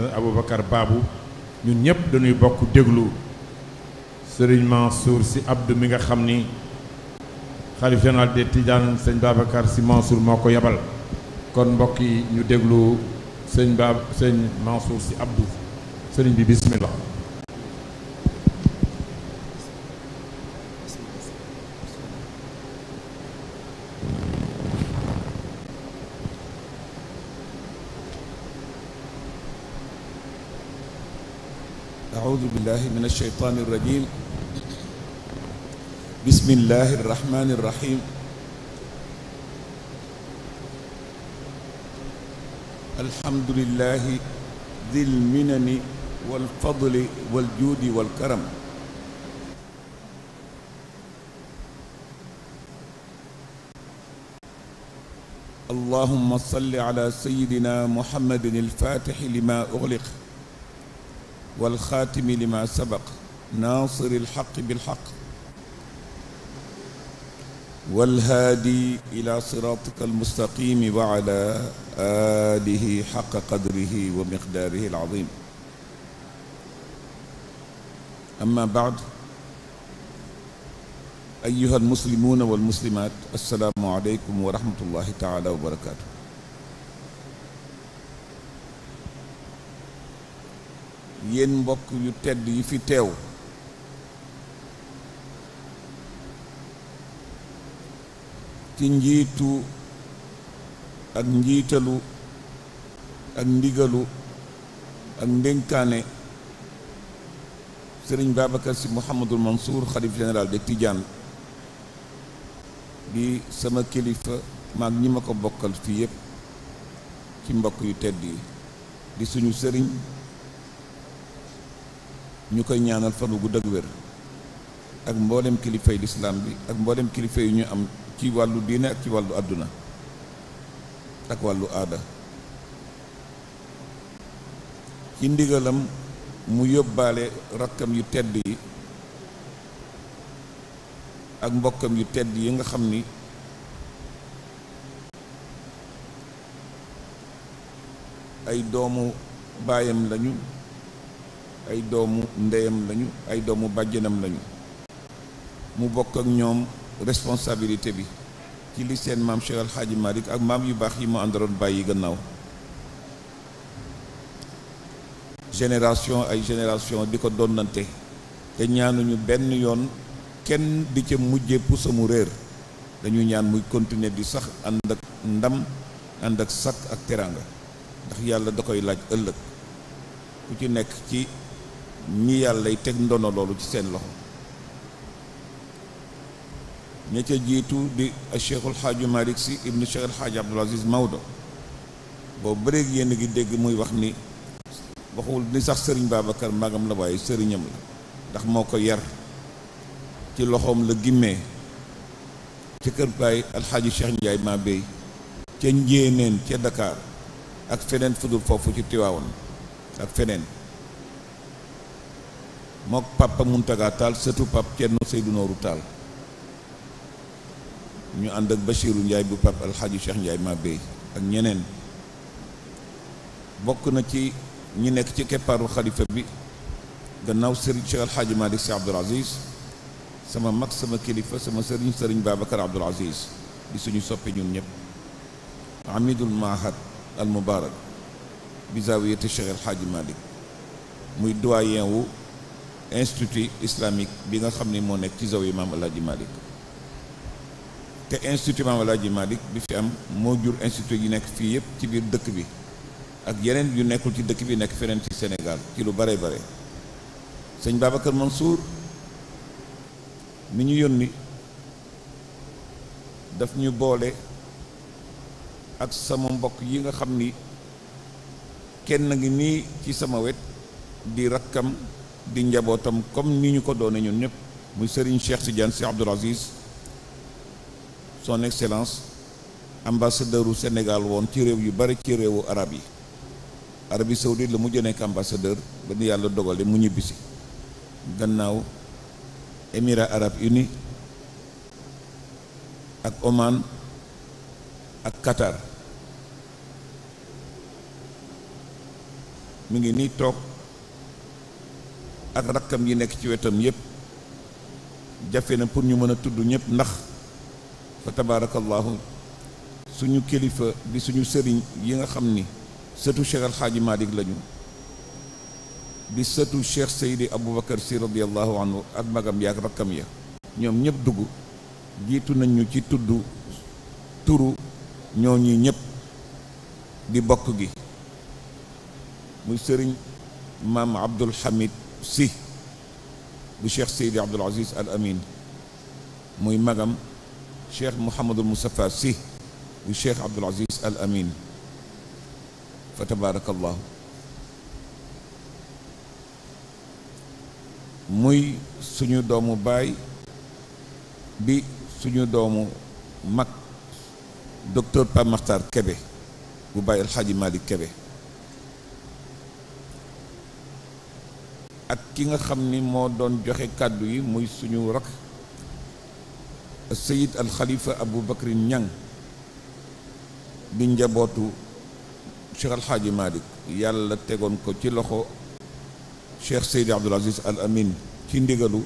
xasan aboubacar baabu ñun ñëpp dañuy bokk déglu sëriñ Mansour si Abdou mi nga xam ni xalif général de Tidiane sëñ Babacar si Mansour moo ko yabal kon mbokk yi ñu déglu sëñ Ba sëñ Mansour si Abdou sëriñ bi bismillah أعوذ بالله من الشيطان الرجيم بسم الله الرحمن الرحيم الحمد لله ذي المنن والفضل والجود والكرم اللهم صل على سيدنا محمد الفاتح لما أغلق walxaatimi lima sabaq naasiri alxaqi bilxaq walhaadi ila siraatika almustaqimi wa ala alihi xaqa qadrihi wa miqdaarihi alazim amma baad ayuha almuslimuuna walmuslimaat assalaamu aleykum wa rahmatullahi taala wa barakaatu yéen mbokk yu tedd yi fi teew ci njiitu ak njiitalu ak ndigalu ak ndénkaane sëriñ Babacar si Mouhamadul Mansour xalif général de Tidiane di sama kilifa maag ñi ma ko bokkal fii yépp ci mbokk yu tedd yi di suñu sëriñ ñu koy ñaanal fan wu gudd ak wér ak mboolem kilifay lislaam bi ak mbooleem kilifa yu ñu am ci wàllu diine ak ci wàllu àdduna ak wàllu aada ci ndigalam mu yóbbaale rakkam yu tedd yi ak mbokkam yu tedd yi nga xam ni ay doomu baayam lañu ay doomu ndeyam lañu ay doomu bàjjanam lañu mu bokk ak ñoom responsabilité bi ci li seen maam Cheikh Al Hadji ak maam yu baax yi mu àndaloon bàyyi gannaaw génération ay génération di ko donnante te ñaanuñu benn yoon kenn di ca mujje pusa samu réer dañu ñaan muy continuer di sax ànd ak ndam ànd ak sakk ak teraanga ndax yàlla da koy laaj ëllëg ku ci nekk ci ñi yàllay teg ndono loolu ci seen loxo ña jiitu di Cheikhul Xaaju Malick Sy ibnu Cheikh El Hadj Aziz Maodo boobu ba léegi yéen dégg muy wax ni waxul ni sax sëriñ Babacar magam la waaye sëriñam la ndax moo ko yar ci loxoom la gimmee ci kër baay alxaaji Cheikh Ndiaye maa béy ca njéeneen ca Dakar ak feneen fudul foofu ci Tiwaawan ak feneen mook Papa Muntaga Tall surtout Pape Thierno Seydou Nourou Tall ñu ànd ak Bachirou Ndiaye bu Pape Alxaaji Cheikh Ndiaye Mabé ak ñeneen bokk na ci ñi nekk ci keppaaru xalifa bi gannaaw sëriñ Cheikh Alxaaji Malick Sy Aziz sama mag sama kilifa sama sëriñ sëriñ Babacar Abdoul Aziz di suñu soppi ñun ñëpp amidul mahad al mubarak bi zaawiyati Cheikh Alxaaji Malick muy doyen institut islamique bi nga xam ni moo nekk ci zawiya Maam El ji Malick te institut Maam El Hadji Malick bi fi am moo jur institut yi nekk fii yëpp ci biir dëkk bi ak yeneen yu nekkul ci dëkk bi nekk feneen ci senegal ci lu bare bare sëñ Babacar Mansour mi ñu yónni daf ñu boole ak sama mbokk yi nga xam ni kenn ngi nii ci sama wet di rakkam di njabootam comme ni ñu ko doone ñun ñëpp muy Serigne Cheikh Tidiane Sy Abdoul Aziz son excellence ambassadeur u Sénégal woon ci réew yu bari ci réewu arab yi Arabie Saoudite la mujj nekk ambassadeur ba ni yàlla dogale mu ñibbisi gannaaw Émirats Arabes Unis ak Oman ak Qatar mu ngi ni toog ak rakkam yi nekk ci wetam yépp jafe na pour ñu mën a tudd ñépp ndax fa tabaarakallaahu suñu kilifa bi suñu sëriñ yi nga xam ni sëtu Cheikh Alxaaji Malik lañu di sëtu Cheikh Seydi Aboubacar si radiallahu anhu ak magam ya ak rakkam ya ñoom ñépp dugg jiitu nañ ñu ci tudd turu ñoo ñi ñépp di bokk gi muy sëriñ maam Abdul Hamid si bu cheikh seydi abdul aziz al amin muy magam cheikh mouhamadul moustapha si bu cheikh abdul aziz al amin fa tabaarakallahu muy suñu doomu baay bi suñu doomu mag docteur Pape Makhtar Kébé bu baay alxaaji Malick Kébé ak ki nga xam ni moo doon joxe kàddu yi muy suñu rak sayid al xalifa abu bakrin ñaŋ di njabootu cheikh alxaaji malik yàlla tegoon ko ci loxo cheikh seydi abdul aziz al amin ci ndigalu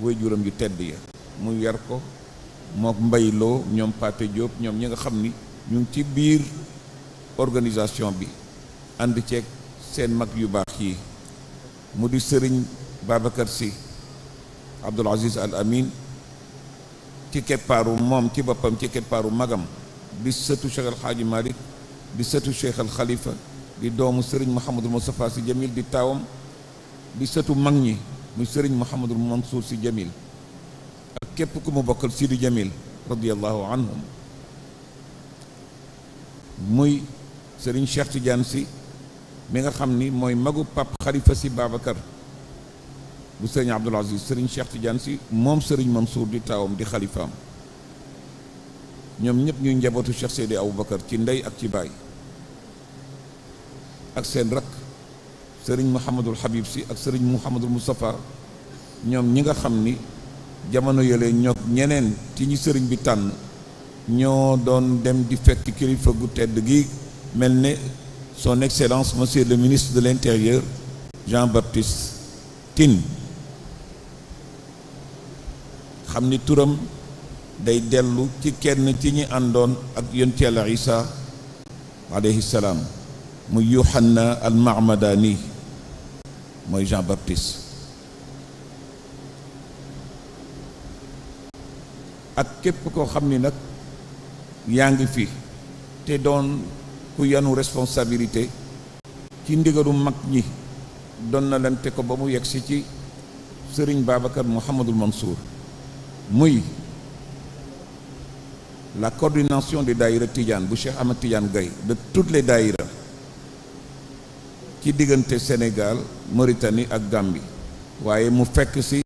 waajuram yu tedd ya mu yar ko mook mbayloo ñoom Paate Jóob ñoom ñi nga xam ni ñu ngi ci biir organisation bi ànd ceeg seen mag yu baax yi mu di sëriñ Babacar Sy Abdoul Aziz Al Amin ci keppaaru moom ci boppam ci keppaaru magam di sëtu Cheikh Al Hadji Malick di sëtu Cheikh Al Khalifa di doomu sëriñ Mouhamadul Moustapha Sy di taawam di sëtu mag ñi muy sëriñ Mouhamadul Mansour si Jamil ak képp ku mu bokkal Sidi Jamil radiallahu anhum muy sëriñ Cheikh Tidiane Sy mi nga xam ni mooy magu Pape Khalifa Sy Babacar bu sëriñ Abdoul Aziz sëriñ Cheikh Tidiane Sy moom sëriñ Mansour di taawam di xalifaam ñoom ñëpp ñuy njabootu Cheikh Seydi Aboubacar ci ndey ak ci baay ak seen rakk sëriñ Mouhamadul Habib Sy ak sëriñ Mouhamadul Moustapha ñoom ñi nga xam ni jamono yële ñoo ñeneen ci ñi sëriñ bi tànn ñoo doon dem di fekk kilifa gu tedd gi mel ne son excellence monsieur le ministre de l'intérieur Jean-Baptiste tin xam ni turam day dellu ci kenn ci ñi àndoon ak yonent Yàlla Isa alayhi salaam mu Yuhanna al-Mahmadani mooy Jean-Baptiste ak képp koo xam ni nag yaa ngi fi te doon ku yanu responsabilité ci ndigalu mag ñi doon na lante ko ba mu yegsi ci sëriñ Babacar Mouhamadul Mansour muy la coordination des daayira Tidiane bu Cheikh Ahmad Tidiane gay de toutes les daayira ci diggante Sénégal Mauritanie ak Gambie waaye mu fekk ci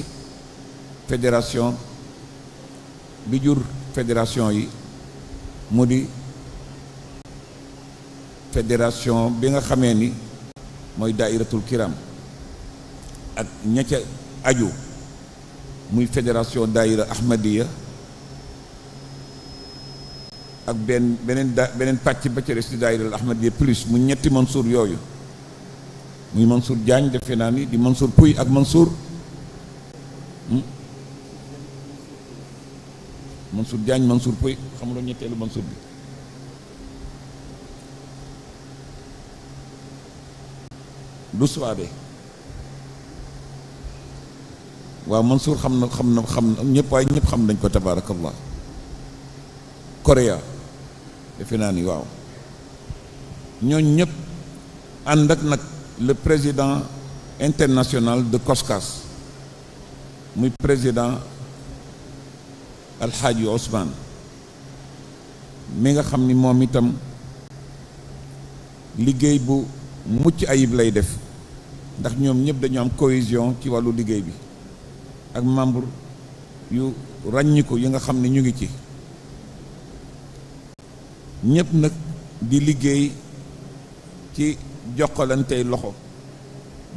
fédération bi jur fédération yi mu di fédération bi nga xamee ni mooy daairatul kiram ak ña ca aju muy fédération daaira ahmadiya ak benn beneen da beneen pàcc ba ca des di daaira plus mu ñetti Mansour yooyu muy Mansour Diagne defe naa ni di Mansour Pouy ak Mansour hmm? Mansour Diagne Mansour Pouy xam nga ñetteelu Mansour bi du suwaabee waaw Mansour xam na xam na xam na ñëpp waaye ñëpp xam nañ ko tabaarakallah Korea defe naa ni waaw ñooñ ñëpp ànd ak nag le président international de COSCAS muy président alxaaji Ousmane mi nga xam ni moom itam liggéey bu mucc ayib lay def ndax ñoom ñëpp dañu am cohésion ci wàllu liggéey bi ak membre yu ràññiku yi nga xam ne ñu ngi ci ñëpp nag di liggéey ci jokkalantey loxo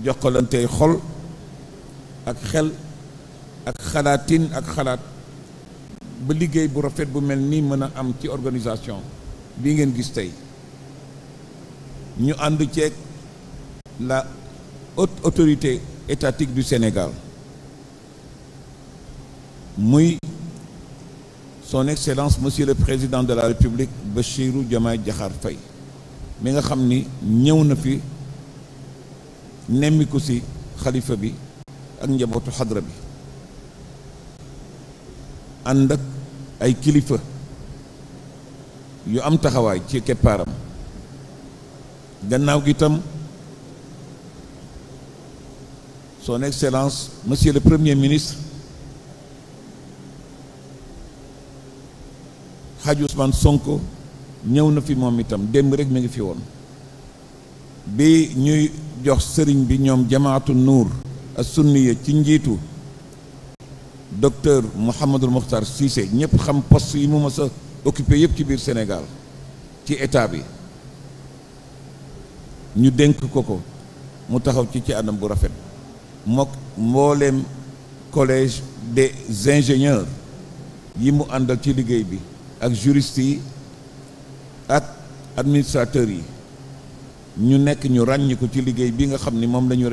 jokkalantey xol ak xel ak xalaatin ak xalaat ba liggéey bu rafet bu mel nii mën a am ci organisation bii ngeen gis tey ñu ànd ceeg la haute autorité étatique du Sénégal muy son excellence monsieur le président de la république Bassirou Diomaye Diakhar Faye mi nga xam ni ñëw na fi nemmiku si xalifa bi ak njabootu xadra bi ànd ak ay kilifa yu am taxawaay ci keppaaram gannaaw gi itam son excellence monsieur le premier ministre Hadj Ousmane Sonko ñëw na fi moom itam démb rek mi ngi fi woon bi ñuy jox sëriñ bi ñoom jamaatu nuur a sunniya ci njiitu docteur Mouhamadul Mokhtar Cissé ñëpp xam post yi mu mës a occupé yëpp ci biir Sénégal ci état bi ñu dénk ko ko mu taxaw ci ci anam bu rafet mook mbooleem collège des ingénieurs yi mu àndal ci liggéey bi ak juristes yi ak administrateurs yi ñu nekk ñu ko ci liggéey bi nga xam ni moom la ñu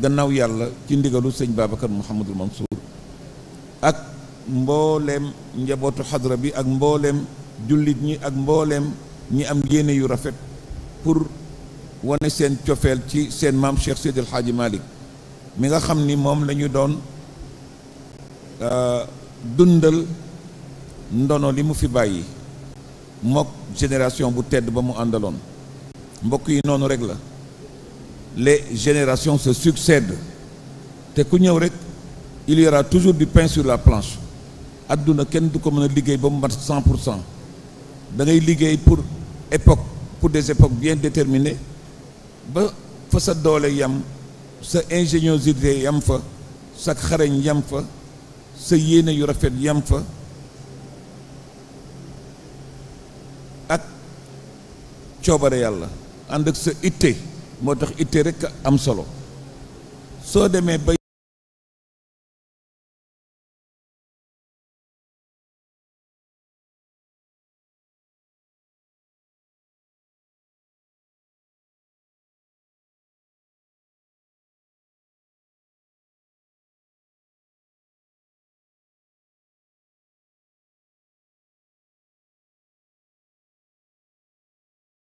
gannaaw yàlla ci ndigalu sëñ Babacar Mouhamadul Mansour ak mbooleem njabootu xadra bi ak mbooleem jullit ñi ak mbooleem ñi am yéene yu rafet pour wane seen cofeel ci seen maam Cheikh Seydi El Hadji mi nga xam ni moom la ñu doon euh, dundal ndono li mu fi bàyyi mook génération bu tedd ba mu àndaloon mbokk yi noonu rek la les générations se succèdent te ku ñëw rek il y toujours du pain sur la planche adduna kenn du ko mën a liggéey ba mu mat cent pour cent da ngay liggéey pour époque pour des époques bien déterminées ba fa sa doole yam sa ingéniosité yam fa sa xarañ yam fa sa yéene yu rafet yam fa ak coobare yàlla ànd ak sa itte moo tax itte rekk am solo soo demee ba